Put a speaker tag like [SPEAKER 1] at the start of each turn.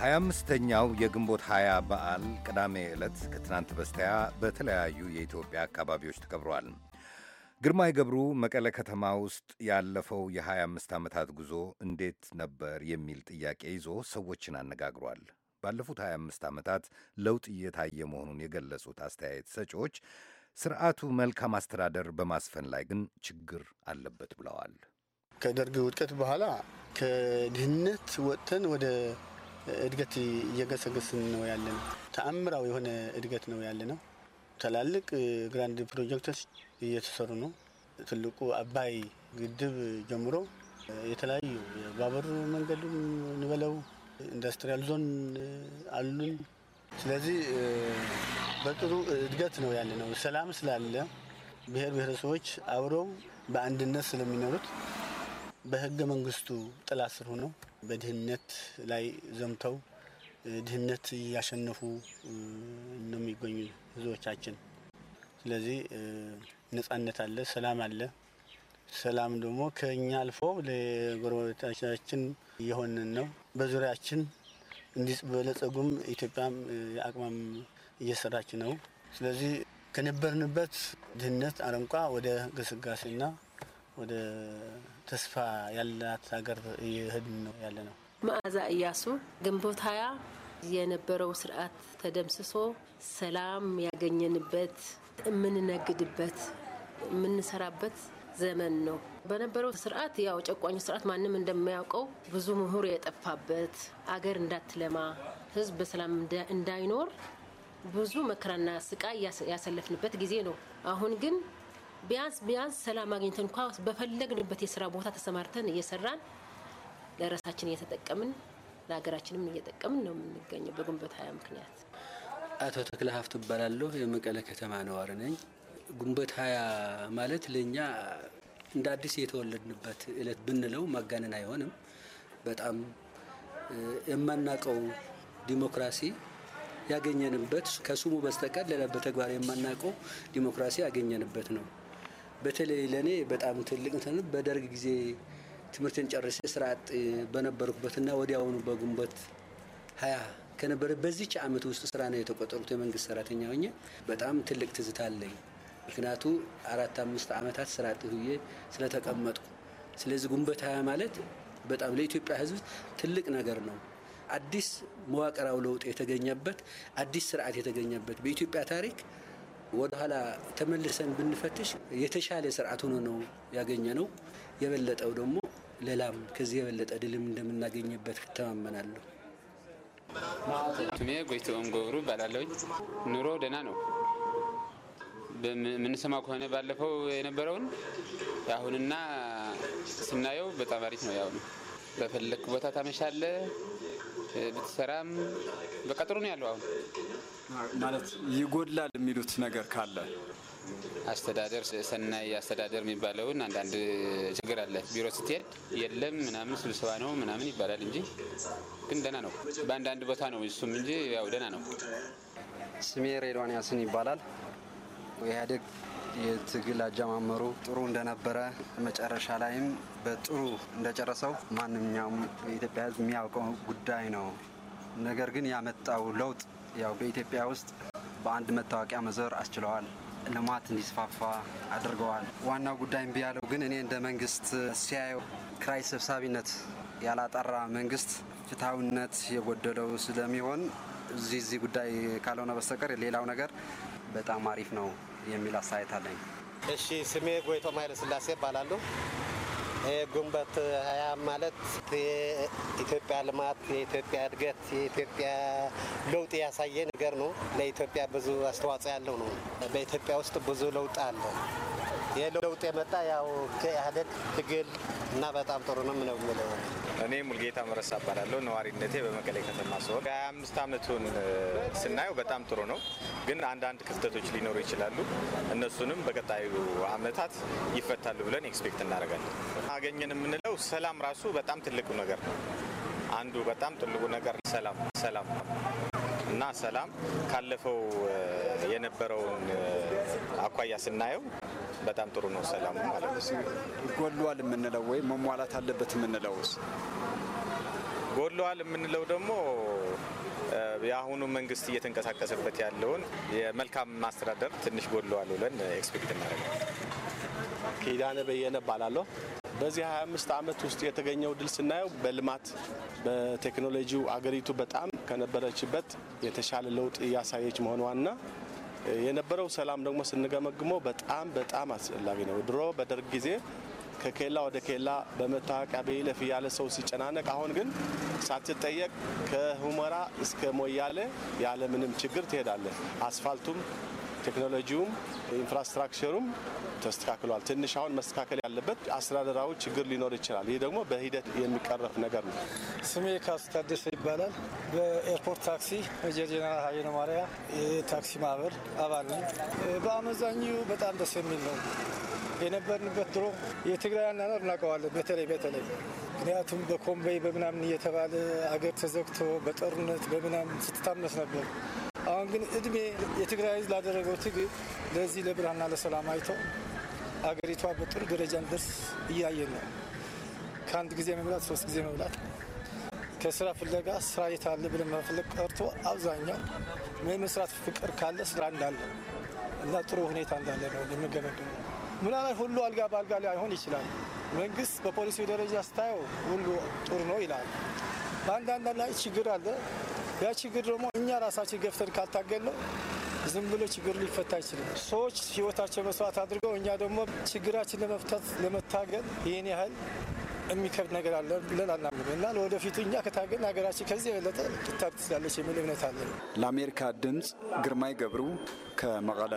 [SPEAKER 1] 25ኛው የግንቦት 20 በዓል ቅዳሜ ዕለት ከትናንት በስቲያ በተለያዩ የኢትዮጵያ አካባቢዎች ተከብሯል። ግርማይ ገብሩ መቀለ ከተማ ውስጥ ያለፈው የ25 ዓመታት ጉዞ እንዴት ነበር የሚል ጥያቄ ይዞ ሰዎችን አነጋግሯል። ባለፉት 25 ዓመታት ለውጥ እየታየ መሆኑን የገለጹት አስተያየት ሰጪዎች ስርዓቱ መልካም አስተዳደር በማስፈን ላይ ግን ችግር አለበት ብለዋል።
[SPEAKER 2] ከደርግ ውድቀት በኋላ ከድህነት ወጥተን ወደ እድገት እየገሰገስን ነው ያለ ነው። ተአምራዊ የሆነ እድገት ነው ያለ ነው። ትላልቅ ግራንድ ፕሮጀክቶች እየተሰሩ ነው። ትልቁ አባይ ግድብ ጀምሮ የተለያዩ የባቡር መንገዱም እንበለው ኢንዱስትሪያል ዞን አሉን። ስለዚህ በጥሩ እድገት ነው ያለ ነው። ሰላም ስላለ ብሔር ብሔረሰቦች አብረው በአንድነት ስለሚኖሩት በህገ መንግስቱ ጥላ ስር ሆነው በድህነት ላይ ዘምተው ድህነት እያሸነፉ ነው የሚገኙ ህዝቦቻችን። ስለዚህ ነጻነት አለ፣ ሰላም አለ። ሰላም ደግሞ ከኛ አልፎ ለጎረቤቶቻችን እየሆንን ነው። በዙሪያችን እንዲበለጸጉም ኢትዮጵያም አቅማም እየሰራች ነው። ስለዚህ ከነበርንበት ድህነት አረንቋ ወደ ግስጋሴና ወደ ተስፋ ያላት ሀገር እየሄድን ነው ያለ ነው።
[SPEAKER 1] መዓዛ እያሱ ግንቦት ሀያ የነበረው ስርዓት ተደምስሶ ሰላም ያገኘንበት የምንነግድበት የምንሰራበት ዘመን ነው። በነበረው ስርዓት ያው ጨቋኝ ስርዓት ማንም እንደሚያውቀው ብዙ ምሁር የጠፋበት አገር እንዳትለማ ህዝብ በሰላም እንዳይኖር ብዙ መከራና ስቃይ ያሰለፍንበት ጊዜ ነው። አሁን ግን ቢያንስ ቢያንስ ሰላም አግኝተን እንኳ በፈለግንበት የስራ ቦታ ተሰማርተን እየሰራን ለራሳችን እየተጠቀምን ለሀገራችንም እየጠቀምን ነው የምንገኘው። በግንቦት ሀያ ምክንያት አቶ ተክለ ሀፍቱ እባላለሁ። የመቀለ ከተማ ነዋሪ ነኝ። ግንቦት ሀያ ማለት ለእኛ እንደ አዲስ የተወለድንበት እለት ብንለው ማጋነን አይሆንም። በጣም የማናቀው ዲሞክራሲ ያገኘንበት ከስሙ በስተቀር ሌላ በተግባር የማናቀው ዲሞክራሲ ያገኘንበት ነው። በተለይ ለእኔ በጣም ትልቅ እንትን በደርግ ጊዜ ትምህርትን ጨርሴ ስራ አጥ በነበርኩበትና ወዲያውኑ በግንቦት ሀያ ከነበረ በዚች አመት ውስጥ ስራ ነው የተቆጠሩት የመንግስት ሰራተኛ ሆኜ በጣም ትልቅ ትዝታ አለኝ። ምክንያቱ አራት አምስት አመታት ስራ አጥ ሁዬ ስለተቀመጥኩ። ስለዚህ ግንቦት ሀያ ማለት በጣም ለኢትዮጵያ ሕዝብ ትልቅ ነገር ነው። አዲስ መዋቅራዊ ለውጥ የተገኘበት አዲስ ስርዓት የተገኘበት በኢትዮጵያ ታሪክ ወደኋላ ተመልሰን ብንፈትሽ የተሻለ ስርዓት ሆኖ ነው ያገኘ ነው። የበለጠው ደግሞ ለላም ከዚህ የበለጠ ድልም እንደምናገኝበት እተማመናለሁ።
[SPEAKER 2] ስሜ ጎይቶም ገብሩ እባላለሁኝ። ኑሮ ደህና ነው የምንሰማው ከሆነ ባለፈው የነበረውን አሁንና ስናየው በጣም አሪፍ ነው። ያሁኑ በፈለክ ቦታ ታመሻለ ብትሰራም በቃ ጥሩ ነው ያለው አሁን ማለት ይጎድላል የሚሉት ነገር ካለ አስተዳደር ሰናይ አስተዳደር የሚባለውን አንዳንድ ችግር አለ። ቢሮ ስትሄድ የለም ምናምን ስብሰባ ነው ምናምን ይባላል እንጂ ግን ደህና ነው። በአንዳንድ ቦታ ነው እሱም እንጂ ያው ደህና ነው። ስሜ ሬድዋን ያስን ይባላል።
[SPEAKER 1] ኢህአዴግ የትግል አጀማመሩ ጥሩ እንደነበረ መጨረሻ ላይም በጥሩ እንደጨረሰው ማንኛውም የኢትዮጵያ ሕዝብ የሚያውቀው ጉዳይ ነው። ነገር ግን ያመጣው ለውጥ ያው በኢትዮጵያ ውስጥ በአንድ መታወቂያ መዘር አስችለዋል። ልማት እንዲስፋፋ አድርገዋል። ዋናው ጉዳይ እምቢ ያለው ግን እኔ እንደ መንግስት ሲያየው ክራይ ሰብሳቢነት ያላጠራ መንግስት ፍትሐዊነት የጎደለው ስለሚሆን እዚህ እዚህ ጉዳይ ካልሆነ በስተቀር ሌላው ነገር በጣም አሪፍ ነው የሚል አስተያየት አለኝ።
[SPEAKER 2] እሺ፣ ስሜ ጎይቶም ኃይለስላሴ እባላለሁ። ግንቦት ሀያ ማለት የኢትዮጵያ ልማት፣ የኢትዮጵያ እድገት፣ የኢትዮጵያ ለውጥ ያሳየ ነገር ነው። ለኢትዮጵያ ብዙ አስተዋጽኦ ያለው ነው። በኢትዮጵያ ውስጥ ብዙ ለውጥ አለ። ይህ ለውጥ የመጣ ያው ከኢህአዴግ ትግል
[SPEAKER 3] እና በጣም ጥሩ ነው ምነው እኔ ሙልጌታ መረሳ እባላለሁ። ነዋሪነቴ በመቀሌ ከተማ ሲሆን ከ25 ስናየው በጣም ጥሩ ነው፣ ግን አንዳንድ ክፍተቶች ሊኖሩ ይችላሉ። እነሱንም በቀጣዩ አመታት ይፈታሉ ብለን ኤክስፔክት እናደርጋለን። አገኘን የምንለው ሰላም ራሱ በጣም ትልቁ ነገር ነው። አንዱ በጣም ትልቁ ነገር ሰላም ሰላም እና ሰላም ካለፈው የነበረውን አኳያ ስናየው በጣም ጥሩ ነው ሰላሙ ማለት ነው። ጎሏል የምንለው ወይም መሟላት አለበት የምንለውስ ጎሏል የምንለው ደግሞ የአሁኑ መንግስት እየተንቀሳቀሰበት ያለውን የመልካም ማስተዳደር ትንሽ ጎሏል ብለን ኤክስፔክት እናደርጋለን። ኪዳነ በየነ እባላለሁ።
[SPEAKER 2] በዚህ 25 ዓመት ውስጥ የተገኘው ድል ስናየው በልማት በቴክኖሎጂው አገሪቱ በጣም ከነበረችበት የተሻለ ለውጥ እያሳየች መሆኗና የነበረው ሰላም ደግሞ ስንገመግመው በጣም በጣም አስፈላጊ ነው። ድሮ በደርግ ጊዜ ከኬላ ወደ ኬላ በመታወቂያ በይለፍ እያለ ሰው ሲጨናነቅ፣ አሁን ግን ሳትጠየቅ ከሁመራ እስከ ሞያሌ ያለምንም ችግር ትሄዳለህ። አስፋልቱም ቴክኖሎጂውም ኢንፍራስትራክቸሩም ተስተካክሏል። ትንሽ አሁን መስተካከል ያለበት አስተዳደራዊ ችግር ሊኖር ይችላል። ይህ ደግሞ በሂደት የሚቀረፍ ነገር ነው።
[SPEAKER 3] ስሜ ካሱ ታደሰ ይባላል። በኤርፖርት ታክሲ ሜጀር ጄኔራል ሀየነ ማርያ የታክሲ ማህበር አባል ነኝ። በአመዛኙ በጣም ደስ የሚል ነው የነበርንበት። ድሮ የትግራይ አናናር እናውቀዋለን። በተለይ በተለይ ምክንያቱም በኮምቤይ በምናምን እየተባለ አገር ተዘግቶ በጦርነት በምናምን ስትታመስ ነበር አሁን ግን እድሜ የትግራይ ህዝብ ላደረገው ትግል ለዚህ ለብርሃንና ለሰላም አይተው አገሪቷ በጥሩ ደረጃ እንደርስ እያየን ነው። ከአንድ ጊዜ መብላት ሶስት ጊዜ መብላት ከስራ ፍለጋ ስራ የታለ ብለን መፈለግ ቀርቶ አብዛኛው መስራት ፍቅር ካለ ስራ እንዳለ እና ጥሩ ሁኔታ እንዳለ ነው የምገመገመ። ምናልባት ሁሉ አልጋ በአልጋ ላይ አይሆን ይችላል። መንግስት በፖሊሲ ደረጃ ስታየው ሁሉ ጥሩ ነው ይላል። በአንዳንድ ላይ ችግር አለ። ያ ችግር ደግሞ እኛ ራሳችን ገፍተን ነው ዝም ብሎ ችግር ሊፈታ አይችልም። ሰዎች ህይወታቸው መስዋዕት አድርገው እኛ ደግሞ ችግራችን ለመፍታት ለመታገል ይህን ያህል የሚከብድ ነገር አለ ብለን አናምንም እና ለወደፊቱ እኛ ከታገን ሀገራችን ከዚህ የበለጠ ልታድግ ትችላለች የሚል እምነት አለን።
[SPEAKER 2] ለአሜሪካ ድምፅ ግርማይ ገብሩ ከመቀለ